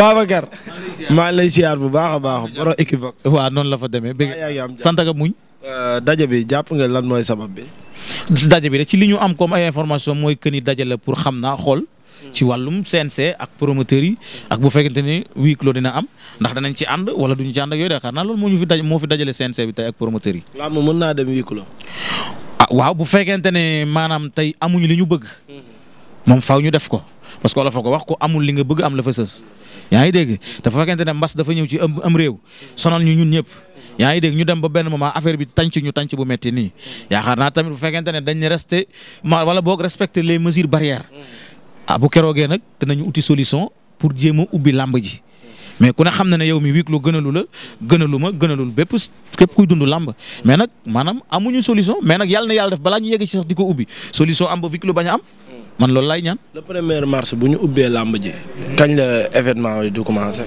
Babacar. maa ngi lay bu baax baax. borom Equivox. waaw noonu la fa demee bëgg sant ak muñ. Euh, daje bi jàpp nga lan mooy sabab bi. daje bi rek ci li ñu am comme ay information mooy que ni daje pour xam naa xool. ci wàllum CNC ak promoteurs yi ak bu fekkente ni huis clos dina am ndax danañ ci ànd wala duñ ci ànd ak ñu fi daj moo fi dajale CNC bi tey ak naa dem huis clos. ah waaw bu fekkente ne maanaam tey amuñu li ñu bëgg. Mhm. moom faaw ñu def ko. parce que wala fa ko wax ko amul li nga bëgg am la fa sës yaa ngi dégg dafa fekkente ne mbas dafa ñëw ci am réew sonal ñu ñun ñëpp yaa ngi dégg ñu dem ba benn moment affaire bi tànc ñu tànc bu metti nii yaakaar naa tamit bu fekkente ne dañ ne ma wala boog respecter les mesures barrières ah keroogee nag dinañu uti solution pour jéem a ubbi làmb ji mais ku ne xam ne yow mi wik lu gënalu la gënalu ma gënalul bépp képp kuy dund làmb mais nag maanaam amuñu solution mais nag yàlla na a am man loolu laay ñaan. le premier mars bu ñu ubbee làmb ji. kañ la événement yi commencé.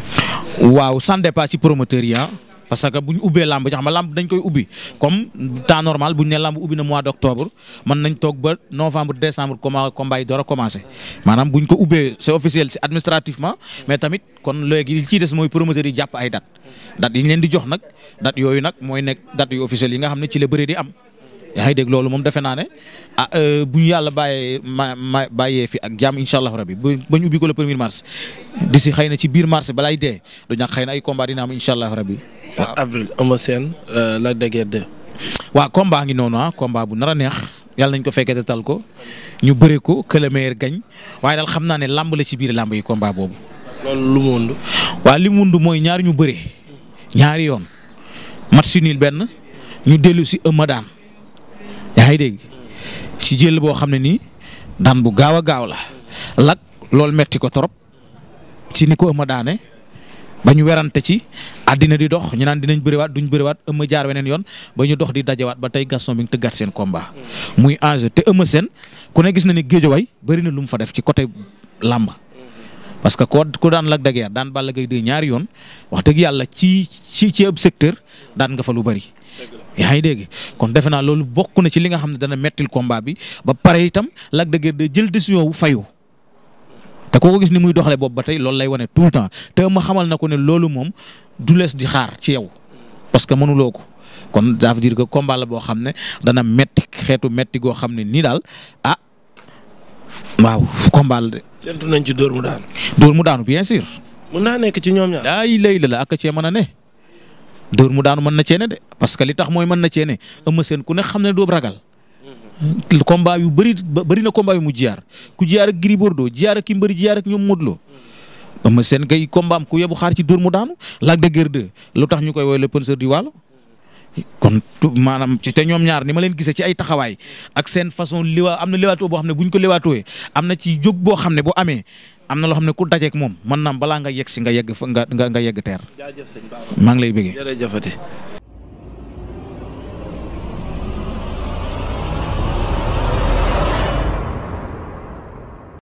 waaw sans départ ci promoteur yi ah. parce que bu ñu ubbee làmb ji xam nga dañ koy ubbi comme temps normal bu ñu làmb ubbi na mois d' octobre mën nañ toog ba novembre décembre comment combat a commencé maanaam bu ñu ko ubbee c' est officiel administrativement mais tamit kon léegi li des mooy promoteurs yi jàpp ay date date yi leen di jox nag date yooyu nag mooy nekk date yu officiel yaa ngi dégg loolu moom defe naa ne ah euh, bu ñu yàlla bàyyee ma ma fi ak jàmm incha allahu rabi ba ñu ubbi ko le premier mars di si xëy na ci biir mars balaay dee du ñàkk xëy na ay combat dina am incha allahu rabi. waaw avril euh, de Guiers 2. ngi noonu ah combat bu nar neex yàlla nañ ko fekkee te tal ko ñu bëree ko que le waaye daal xam naa ne làmb la ci biir làmb yi combat boobu. loolu lu mu li mu wund mooy ñaari ñu bëree ñaari yoon match nul benn ñu dellu si Eumeu daan yaa ngi dégg ci jël boo xam ne ni daan bu gaaw a gaaw la lak loolu metti ko trop ci ni ko ëmma daane ba ñu werante ci àddina di dox ñu naan dinañ bëriwaat duñ bëriwaat ëmma jaar weneen yoon ba ñu dox di dajewaat ba tey Gaston bi nga tëggaat seen combat. muy enjeu te ëmma seen ku ne gis na ni géejawaay bëri na lu mu fa def ci côté làmb parce que ko ku daan Lac de Guiers daan Balla Gaye 2 ñaari yoon wax dëgg yàlla ci ci ci ab secteur daan nga fa lu bëri yaa ngi dégg kon defe naa loolu bokk na ci li nga xam ne dana mettil combat bi ba pare itam Lac de Guiers jël décision wu fayu te koo ko gis ni muy doxalee boobu ba tey loolu lay wane tout le temps te ma xamal na ko ne loolu moom du lees di xaar ci yow parce que mënuloo ko kon daa veut dire que combat boo xam ne dana metti xeetu metti goo xam ne nii daal ah waaw combat de. séntu nañ ci dóor mu daanu. mu daanu bien sûr. mën naa nekk ci ñoom ñaar. ay la la ak cee mën a ne. dóor mu daanu mën na ceene de parce que li tax mooy mën na ceene Eumeu Sène ku ne xam ne doo ragal. Mm-hmm. combat yu bëri mu jiyaar ku jiyaar ak Gris i jiyaar ak ki mbëri jiyaar ak ñoom Modou Lo. Eumeu mm-hmm. Sène kay combat am ku yebu xaar ci dóor mu daanu Lac de Guiers lu tax ñu koy woowee le penseur di Waalo. Mm-hmm. kon maanaam ci te ñoom ñaar ni ma leen gisee ci ay taxawaay ak seen façon am na liwaatoo boo xam ne bu ñu ko liwaatooyee am na ci jóg boo xam ne bu amee am na loo xam ne ku dajeek moom mën naa balaa nga yegg si nga yegg fa nga nga yegg teer. jaajëf sëñ maa ngi lay bëggee jërëjëfati